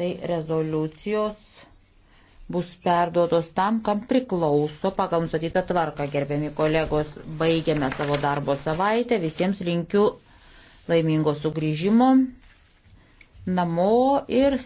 tai rezoliucijos bus perduotos tam, kam priklauso pagal nustatytą tvarką. Gerbiami kolegos, baigiame savo darbo savaitę. Visiems linkiu laimingo sugrįžimo namo ir